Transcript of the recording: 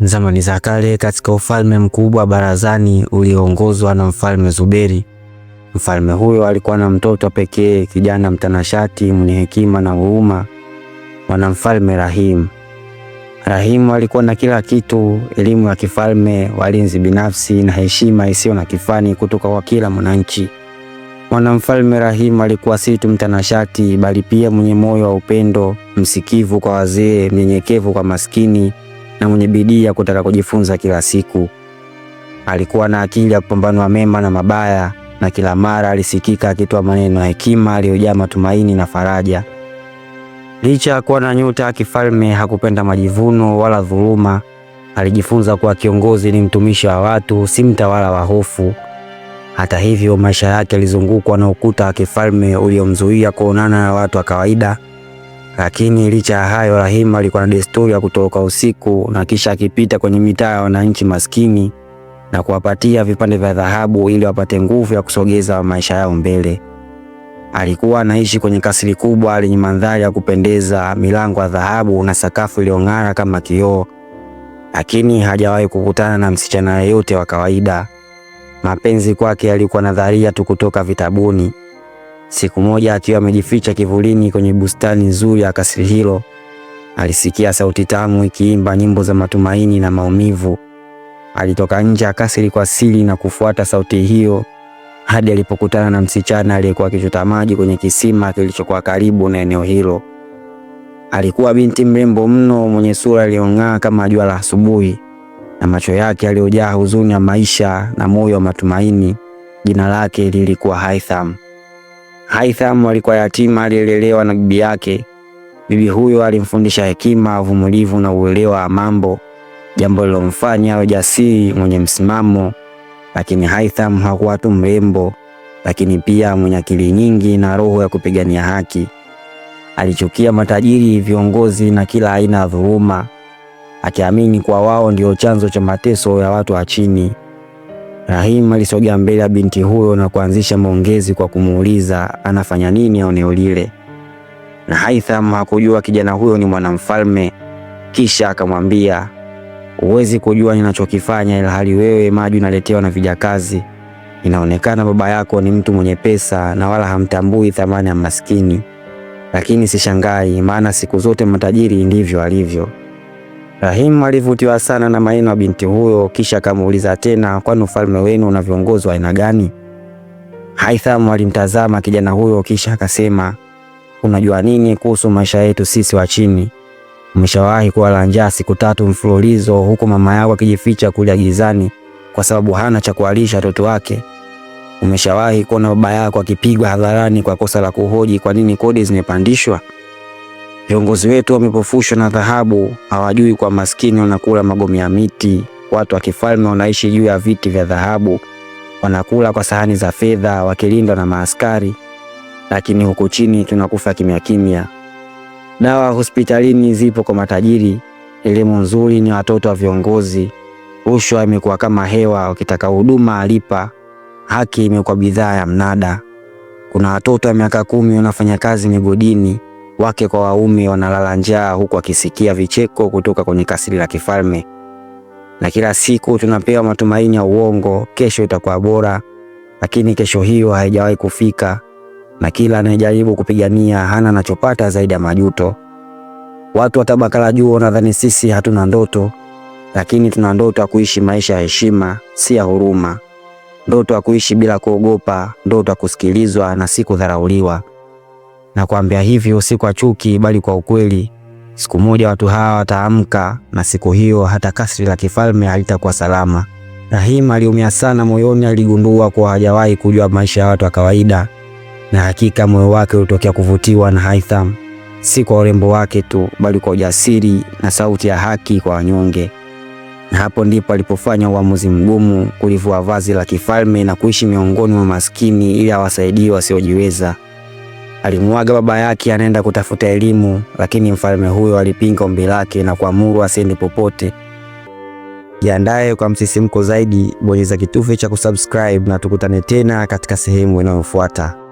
Zamani za kale katika ufalme mkubwa barazani ulioongozwa na mfalme Zuberi. Mfalme huyo alikuwa na mtoto pekee, kijana mtanashati mwenye hekima na huruma, mwanamfalme Rahimu. rahim alikuwa na kila kitu: elimu ya kifalme, walinzi binafsi na heshima isiyo na kifani kutoka kwa kila mwananchi. Mwanamfalme Rahim alikuwa si tu mtanashati, bali pia mwenye moyo wa upendo, msikivu kwa wazee, mnyenyekevu kwa maskini na mwenye bidii ya kutaka kujifunza kila siku. Alikuwa na akili ya kupambanua mema na mabaya, na kila mara alisikika akitoa maneno ya hekima aliyojaa matumaini na faraja. Licha ya kuwa na nyuta ya kifalme, hakupenda majivuno wala dhuluma. Alijifunza kuwa kiongozi ni mtumishi wa watu, si mtawala wa hofu. Hata hivyo, maisha yake yalizungukwa na ukuta wa kifalme uliomzuia kuonana na watu wa kawaida lakini licha ya hayo, Rahim alikuwa na desturi ya kutoka usiku na kisha akipita kwenye mitaa ya wananchi maskini na kuwapatia vipande vya dhahabu ili wapate nguvu ya kusogeza maisha yao mbele. Alikuwa anaishi kwenye kasri kubwa lenye mandhari ya kupendeza, milango ya dhahabu na sakafu iliyong'ara kama kioo, lakini hajawahi kukutana na msichana yeyote wa kawaida. Mapenzi kwake yalikuwa nadharia tu kutoka vitabuni. Siku moja akiwa amejificha kivulini kwenye bustani nzuri ya kasri hilo, alisikia sauti tamu ikiimba nyimbo za matumaini na maumivu. Alitoka nje ya kasri kwa siri na kufuata sauti hiyo hadi alipokutana na msichana aliyekuwa akichota maji kwenye kisima kilichokuwa karibu na eneo hilo. Alikuwa binti mrembo mno mwenye sura iliyong'aa kama jua la asubuhi na macho yake yaliyojaa huzuni ya maisha na moyo wa matumaini. Jina lake lilikuwa Haitham. Haitham alikuwa yatima aliyelelewa na bibi yake. Bibi huyo alimfundisha hekima, uvumilivu na uelewa wa mambo, jambo lilomfanya awe jasiri, mwenye msimamo. Lakini Haitham hakuwa tu mrembo, lakini pia mwenye akili nyingi na roho ya kupigania haki. Alichukia matajiri, viongozi na kila aina ya dhuluma, akiamini kuwa wao ndio chanzo cha mateso ya watu wa chini. Rahim alisogea mbele ya binti huyo na kuanzisha maongezi kwa kumuuliza anafanya nini au eneo lile, na Haitham hakujua kijana huyo ni mwanamfalme. Kisha akamwambia, huwezi kujua ninachokifanya hali wewe maji unaletewa na vijakazi. Inaonekana baba yako ni mtu mwenye pesa na wala hamtambui thamani ya maskini, lakini sishangai, maana siku zote matajiri ndivyo alivyo. Rahimu alivutiwa sana na maneno ya binti huyo, kisha akamuuliza tena, kwani ufalme wenu una viongozi wa aina gani? Haitham alimtazama kijana huyo, kisha akasema, unajua nini kuhusu maisha yetu sisi wa chini? Umeshawahi kuwa la njaa siku tatu mfululizo, huku mama yako akijificha kulia gizani kwa sababu hana cha kuwalisha watoto wake? Umeshawahi kuona baba yako akipigwa hadharani kwa kosa la kuhoji kwa nini kodi zimepandishwa? Viongozi wetu wamepofushwa na dhahabu, hawajui kwa maskini wanakula magome ya miti. Watu wa kifalme wanaishi juu ya viti vya dhahabu, wanakula kwa sahani za fedha, wakilindwa na maaskari, lakini huku chini tunakufa kimya kimya. Dawa hospitalini zipo kwa matajiri, elimu nzuri ni watoto wa viongozi. Rushwa imekuwa kama hewa, ukitaka huduma alipa. Haki imekuwa bidhaa ya mnada. Kuna watoto wa miaka kumi wanafanya kazi migodini wake kwa waume wanalala njaa, huku akisikia vicheko kutoka kwenye kasri la kifalme. Na kila siku tunapewa matumaini ya uongo, kesho itakuwa bora, lakini kesho hiyo haijawahi kufika, na kila anayejaribu kupigania hana anachopata zaidi ya majuto. Watu wa tabaka la juu wanadhani sisi hatuna ndoto, lakini tuna ndoto ya kuishi maisha ya heshima, si ya huruma, ndoto ya kuishi bila kuogopa, ndoto ya kusikilizwa na si kudharauliwa na kuambia hivyo si kwa chuki, bali kwa ukweli. Siku moja watu hawa wataamka, na siku hiyo hata kasri la kifalme halitakuwa salama. Rahim aliumia sana moyoni, aligundua kuwa hajawahi kujua maisha ya watu wa kawaida, na hakika moyo wake ulitokea kuvutiwa na Haitham, si kwa urembo wake tu, bali kwa ujasiri na sauti ya haki kwa wanyonge. Na hapo ndipo alipofanya uamuzi mgumu, kulivua vazi la kifalme na kuishi miongoni mwa maskini ili awasaidie wasiojiweza. Alimuaga baba yake anaenda kutafuta elimu, lakini mfalme huyo alipinga ombi lake na kuamuru asiende popote. Jiandaye kwa msisimko zaidi, bonyeza kitufe cha kusubscribe na tukutane tena katika sehemu inayofuata.